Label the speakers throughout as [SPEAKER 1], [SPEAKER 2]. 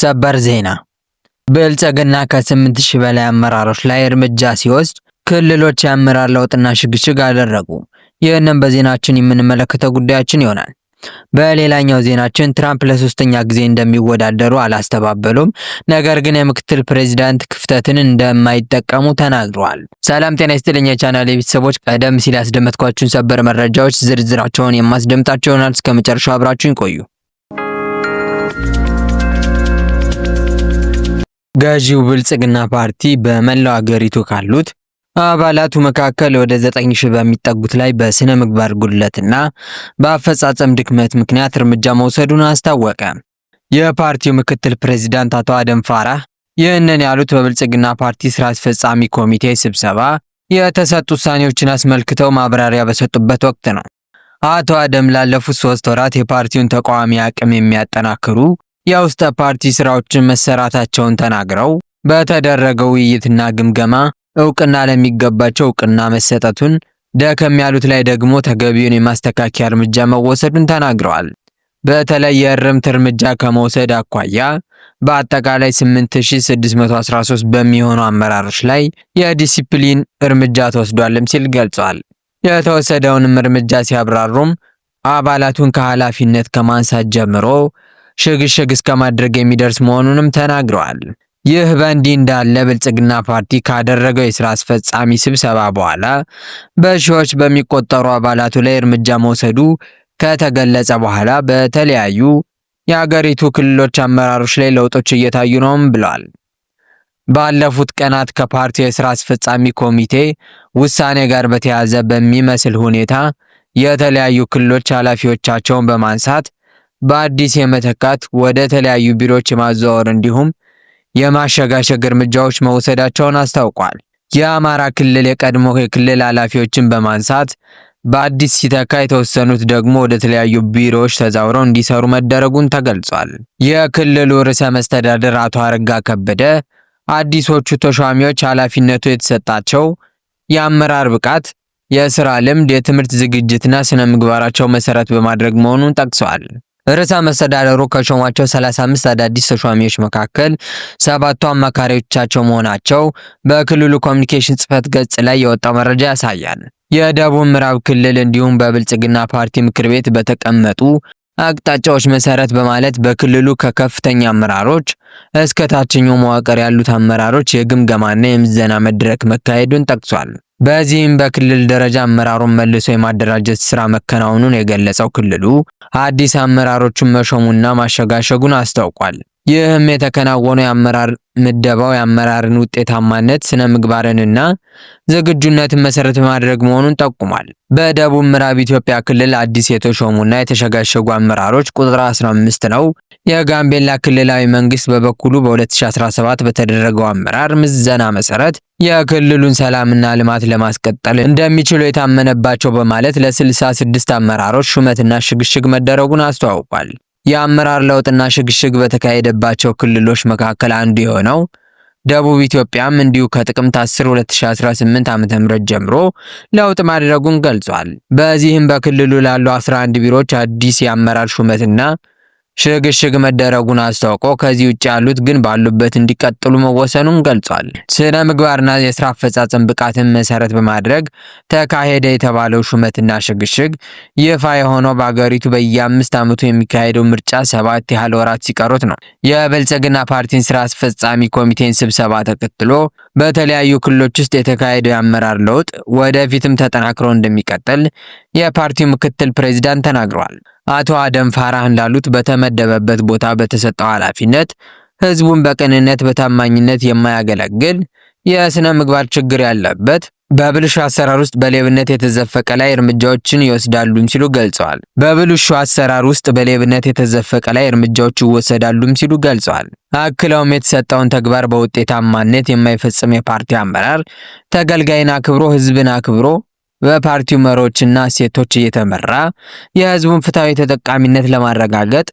[SPEAKER 1] ሰበር ዜና ብልጽግና ከስምንት 8000 በላይ አመራሮች ላይ እርምጃ ሲወስድ ክልሎች የአመራር ለውጥና ሽግሽግ አደረጉ። ይህንም በዜናችን የምንመለከተው ጉዳያችን ይሆናል። በሌላኛው ዜናችን ትራምፕ ለሶስተኛ ጊዜ እንደሚወዳደሩ አላስተባበሉም። ነገር ግን የምክትል ፕሬዚዳንት ክፍተትን እንደማይጠቀሙ ተናግረዋል። ሰላም ጤና ይስጥልኝ የቻናል የቤተሰቦች፣ ቀደም ሲል ያስደመጥኳችሁን ሰበር መረጃዎች ዝርዝራቸውን የማስደምጣቸው ይሆናል። እስከ መጨረሻው አብራችሁን ቆዩ።
[SPEAKER 2] ገዢው ብልጽግና ፓርቲ በመላው አገሪቱ ካሉት አባላቱ መካከል ወደ 9000 በሚጠጉት ላይ በሥነ ምግባር ጉድለትና በአፈጻጸም ድክመት ምክንያት እርምጃ መውሰዱን አስታወቀ። የፓርቲው ምክትል ፕሬዚዳንት አቶ አደም ፋራህ ይህንን ያሉት በብልጽግና ፓርቲ ስራ አስፈጻሚ ኮሚቴ ስብሰባ የተሰጡ ውሳኔዎችን አስመልክተው ማብራሪያ በሰጡበት ወቅት ነው። አቶ አደም ላለፉት ሶስት ወራት የፓርቲውን ተቃዋሚ አቅም የሚያጠናክሩ የውስጠ ፓርቲ ስራዎችን መሰራታቸውን ተናግረው በተደረገው ውይይትና ግምገማ እውቅና ለሚገባቸው እውቅና መሰጠቱን፣ ደከም ያሉት ላይ ደግሞ ተገቢውን የማስተካከያ እርምጃ መወሰዱን ተናግረዋል። በተለይ የእርምት እርምጃ ከመውሰድ አኳያ በአጠቃላይ 8613 በሚሆኑ አመራሮች ላይ የዲሲፕሊን እርምጃ ተወስዷልም ሲል ገልጿል። የተወሰደውንም እርምጃ ሲያብራሩም አባላቱን ከኃላፊነት ከማንሳት ጀምሮ ሽግሽግ እስከ ማድረግ የሚደርስ መሆኑንም ተናግረዋል። ይህ በእንዲህ እንዳለ ብልጽግና ፓርቲ ካደረገው የስራ አስፈጻሚ ስብሰባ በኋላ በሺዎች በሚቆጠሩ አባላቱ ላይ እርምጃ መውሰዱ ከተገለጸ በኋላ በተለያዩ የአገሪቱ ክልሎች አመራሮች ላይ ለውጦች እየታዩ ነውም ብለዋል። ባለፉት ቀናት ከፓርቲው የስራ አስፈጻሚ ኮሚቴ ውሳኔ ጋር በተያያዘ በሚመስል ሁኔታ የተለያዩ ክልሎች ኃላፊዎቻቸውን በማንሳት በአዲስ የመተካት ወደ ተለያዩ ቢሮዎች የማዘዋወር እንዲሁም የማሸጋሸግ እርምጃዎች መውሰዳቸውን አስታውቋል። የአማራ ክልል የቀድሞ የክልል ኃላፊዎችን በማንሳት በአዲስ ሲተካ የተወሰኑት ደግሞ ወደ ተለያዩ ቢሮዎች ተዛውረው እንዲሰሩ መደረጉን ተገልጿል። የክልሉ ርዕሰ መስተዳድር አቶ አረጋ ከበደ አዲሶቹ ተሿሚዎች ኃላፊነቱ የተሰጣቸው የአመራር ብቃት፣ የስራ ልምድ፣ የትምህርት ዝግጅትና ስነ ምግባራቸው መሰረት በማድረግ መሆኑን ጠቅሰዋል። ርዕሰ መስተዳደሩ ከሾሟቸው 35 አዳዲስ ተሿሚዎች መካከል ሰባቱ አማካሪዎቻቸው መሆናቸው በክልሉ ኮሚኒኬሽን ጽህፈት ገጽ ላይ የወጣው መረጃ ያሳያል። የደቡብ ምዕራብ ክልል እንዲሁም በብልጽግና ፓርቲ ምክር ቤት በተቀመጡ አቅጣጫዎች መሰረት በማለት በክልሉ ከከፍተኛ አመራሮች እስከ ታችኛው መዋቅር ያሉት አመራሮች የግምገማና የምዘና መድረክ መካሄዱን ጠቅሷል። በዚህም በክልል ደረጃ አመራሩን መልሶ የማደራጀት ስራ መከናወኑን የገለጸው ክልሉ አዲስ አመራሮችን መሾሙና ማሸጋሸጉን አስታውቋል። ይህም የተከናወነው የአመራር ምደባው የአመራርን ውጤታማነት ስነ ምግባርንና ዝግጁነትን መሰረት በማድረግ መሆኑን ጠቁሟል። በደቡብ ምዕራብ ኢትዮጵያ ክልል አዲስ የተሾሙና የተሸጋሸጉ አመራሮች ቁጥር 15 ነው። የጋምቤላ ክልላዊ መንግስት በበኩሉ በ2017 በተደረገው አመራር ምዘና መሰረት የክልሉን ሰላምና ልማት ለማስቀጠል እንደሚችሉ የታመነባቸው በማለት ለ66 አመራሮች ሹመትና ሽግሽግ መደረጉን አስተዋውቋል። የአመራር ለውጥና ሽግሽግ በተካሄደባቸው ክልሎች መካከል አንዱ የሆነው ደቡብ ኢትዮጵያም እንዲሁ ከጥቅምት 10 2018 ዓ.ም ጀምሮ ለውጥ ማድረጉን ገልጿል። በዚህም በክልሉ ላሉ 11 ቢሮዎች አዲስ የአመራር ሹመትና ሽግሽግ መደረጉን አስታውቆ ከዚህ ውጭ ያሉት ግን ባሉበት እንዲቀጥሉ መወሰኑን ገልጿል። ስነ ምግባርና የስራ አፈጻጸም ብቃትን መሰረት በማድረግ ተካሄደ የተባለው ሹመትና ሽግሽግ ይፋ የሆነው በአገሪቱ በየአምስት ዓመቱ የሚካሄደው ምርጫ ሰባት ያህል ወራት ሲቀሩት ነው። የብልጽግና ፓርቲን ስራ አስፈጻሚ ኮሚቴን ስብሰባ ተከትሎ በተለያዩ ክልሎች ውስጥ የተካሄደው የአመራር ለውጥ ወደፊትም ተጠናክሮ እንደሚቀጥል የፓርቲው ምክትል ፕሬዚዳንት ተናግረዋል። አቶ አደም ፋራህ እንዳሉት በተመደበበት ቦታ በተሰጠው ኃላፊነት ህዝቡን በቅንነት በታማኝነት የማያገለግል የስነ ምግባር ችግር ያለበት በብልሹ አሰራር ውስጥ በሌብነት የተዘፈቀ ላይ እርምጃዎችን ይወስዳሉም ሲሉ ገልጸዋል። በብልሹ አሰራር ውስጥ በሌብነት የተዘፈቀ ላይ እርምጃዎች ይወሰዳሉም ሲሉ ገልጸዋል። አክለውም የተሰጠውን ተግባር በውጤታማነት የማይፈጽም የፓርቲ አመራር ተገልጋይን አክብሮ ህዝብን አክብሮ በፓርቲው መሪዎችና እሴቶች እየተመራ የህዝቡን ፍትሐዊ ተጠቃሚነት ለማረጋገጥ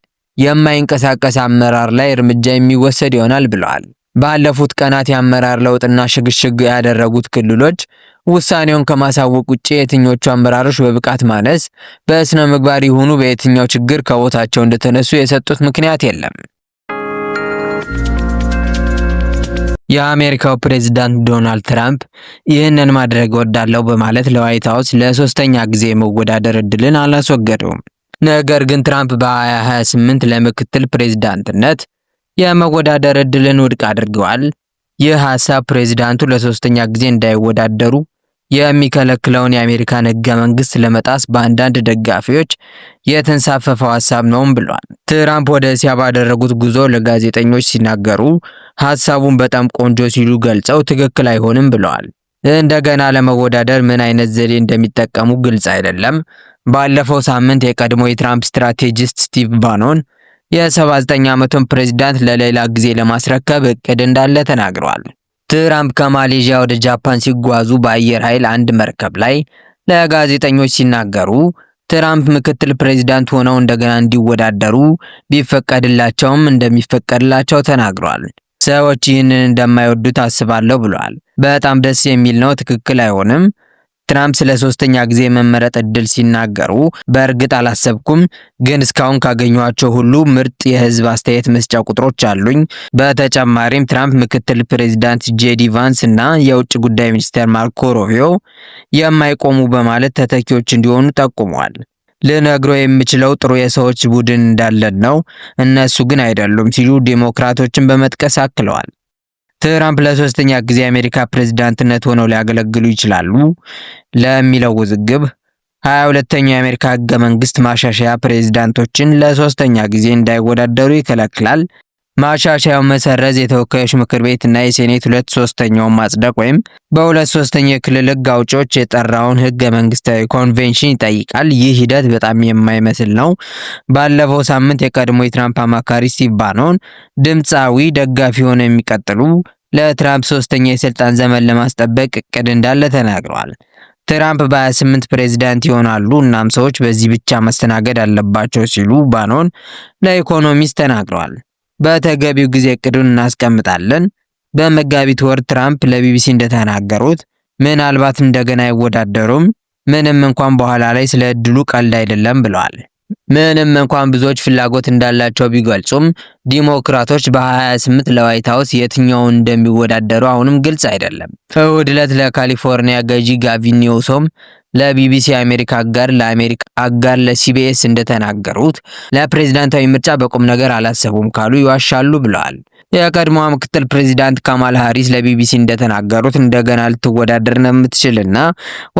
[SPEAKER 2] የማይንቀሳቀስ አመራር ላይ እርምጃ የሚወሰድ ይሆናል ብለዋል። ባለፉት ቀናት የአመራር ለውጥና ሽግሽግ ያደረጉት ክልሎች ውሳኔውን ከማሳወቅ ውጭ የትኞቹ አመራሮች በብቃት ማነስ በስነ ምግባር ይሁኑ በየትኛው ችግር ከቦታቸው እንደተነሱ የሰጡት ምክንያት የለም።
[SPEAKER 3] የአሜሪካው ፕሬዝዳንት ዶናልድ ትራምፕ ይህንን ማድረግ ወዳለው በማለት ለዋይት ሀውስ ለሶስተኛ ጊዜ የመወዳደር እድልን አላስወገደውም። ነገር ግን ትራምፕ በ2028 ለምክትል ፕሬዝዳንትነት የመወዳደር እድልን ውድቅ አድርገዋል። ይህ ሀሳብ ፕሬዚዳንቱ ለሶስተኛ ጊዜ እንዳይወዳደሩ የሚከለክለውን የአሜሪካን ህገ መንግስት ለመጣስ በአንዳንድ ደጋፊዎች የተንሳፈፈው ሀሳብ ነውም ብሏል። ትራምፕ ወደ እስያ ባደረጉት ጉዞ ለጋዜጠኞች ሲናገሩ ሀሳቡን በጣም ቆንጆ ሲሉ ገልጸው ትክክል አይሆንም ብለዋል። እንደገና ለመወዳደር ምን አይነት ዘዴ እንደሚጠቀሙ ግልጽ አይደለም። ባለፈው ሳምንት የቀድሞ የትራምፕ ስትራቴጂስት ስቲቭ ባኖን የ79 ዓመቱን ፕሬዚዳንት ለሌላ ጊዜ ለማስረከብ እቅድ እንዳለ ተናግረዋል። ትራምፕ ከማሌዥያ ወደ ጃፓን ሲጓዙ በአየር ኃይል አንድ መርከብ ላይ ለጋዜጠኞች ሲናገሩ ትራምፕ ምክትል ፕሬዚዳንት ሆነው እንደገና እንዲወዳደሩ ቢፈቀድላቸውም እንደሚፈቀድላቸው ተናግሯል። ሰዎች ይህንን እንደማይወዱት አስባለሁ ብለዋል። በጣም ደስ የሚል ነው፣ ትክክል አይሆንም። ትራምፕ ስለ ሶስተኛ ጊዜ መመረጥ እድል ሲናገሩ በእርግጥ አላሰብኩም፣ ግን እስካሁን ካገኟቸው ሁሉ ምርጥ የህዝብ አስተያየት መስጫ ቁጥሮች አሉኝ። በተጨማሪም ትራምፕ ምክትል ፕሬዚዳንት ጄዲ ቫንስ እና የውጭ ጉዳይ ሚኒስትር ማርኮ ሩቢዮ የማይቆሙ በማለት ተተኪዎች እንዲሆኑ ጠቁመዋል። ልነግሮ የምችለው ጥሩ የሰዎች ቡድን እንዳለን ነው፣ እነሱ ግን አይደሉም ሲሉ ዴሞክራቶችን በመጥቀስ አክለዋል። ትራምፕ ለሶስተኛ ጊዜ የአሜሪካ ፕሬዝዳንትነት ሆነው ሊያገለግሉ ይችላሉ ለሚለው ውዝግብ ሀያ ሁለተኛው የአሜሪካ ህገ መንግስት ማሻሻያ ፕሬዝዳንቶችን ለሶስተኛ ጊዜ እንዳይወዳደሩ ይከለክላል ማሻሻያው መሰረዝ የተወካዮች ምክር ቤት እና የሴኔት ሁለት ሶስተኛውን ማጽደቅ ወይም በሁለት ሶስተኛ የክልል ህግ አውጪዎች የጠራውን ህገ መንግስታዊ ኮንቬንሽን ይጠይቃል። ይህ ሂደት በጣም የማይመስል ነው። ባለፈው ሳምንት የቀድሞ የትራምፕ አማካሪ ስቲቭ ባኖን ድምፃዊ ደጋፊ ሆነ የሚቀጥሉ ለትራምፕ ሶስተኛ የስልጣን ዘመን ለማስጠበቅ እቅድ እንዳለ ተናግረዋል። ትራምፕ በ28 ፕሬዚዳንት ይሆናሉ እናም ሰዎች በዚህ ብቻ መስተናገድ አለባቸው ሲሉ ባኖን ለኢኮኖሚስት ተናግረዋል። በተገቢው ጊዜ እቅዱን እናስቀምጣለን። በመጋቢት ወር ትራምፕ ለቢቢሲ እንደተናገሩት ምናልባት እንደገና አይወዳደሩም፣ ምንም እንኳን በኋላ ላይ ስለ እድሉ ቀልድ አይደለም ብለዋል። ምንም እንኳን ብዙዎች ፍላጎት እንዳላቸው ቢገልጹም ዲሞክራቶች በ28 ለዋይት ሀውስ የትኛውን እንደሚወዳደሩ አሁንም ግልጽ አይደለም። እሁድ ዕለት ለካሊፎርኒያ ገዢ ጋቪን ኒውሶም ለቢቢሲ አሜሪካ አጋር ለአሜሪካ አጋር ለሲቢኤስ እንደተናገሩት ለፕሬዝዳንታዊ ምርጫ በቁም ነገር አላሰቡም ካሉ ይዋሻሉ ብለዋል። የቀድሞዋ ምክትል ፕሬዚዳንት ካማል ሃሪስ ለቢቢሲ እንደተናገሩት እንደገና ልትወዳደር ነው የምትችልና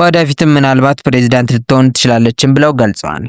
[SPEAKER 3] ወደፊትም ምናልባት ፕሬዚዳንት ልትሆን ትችላለችም ብለው ገልጸዋል።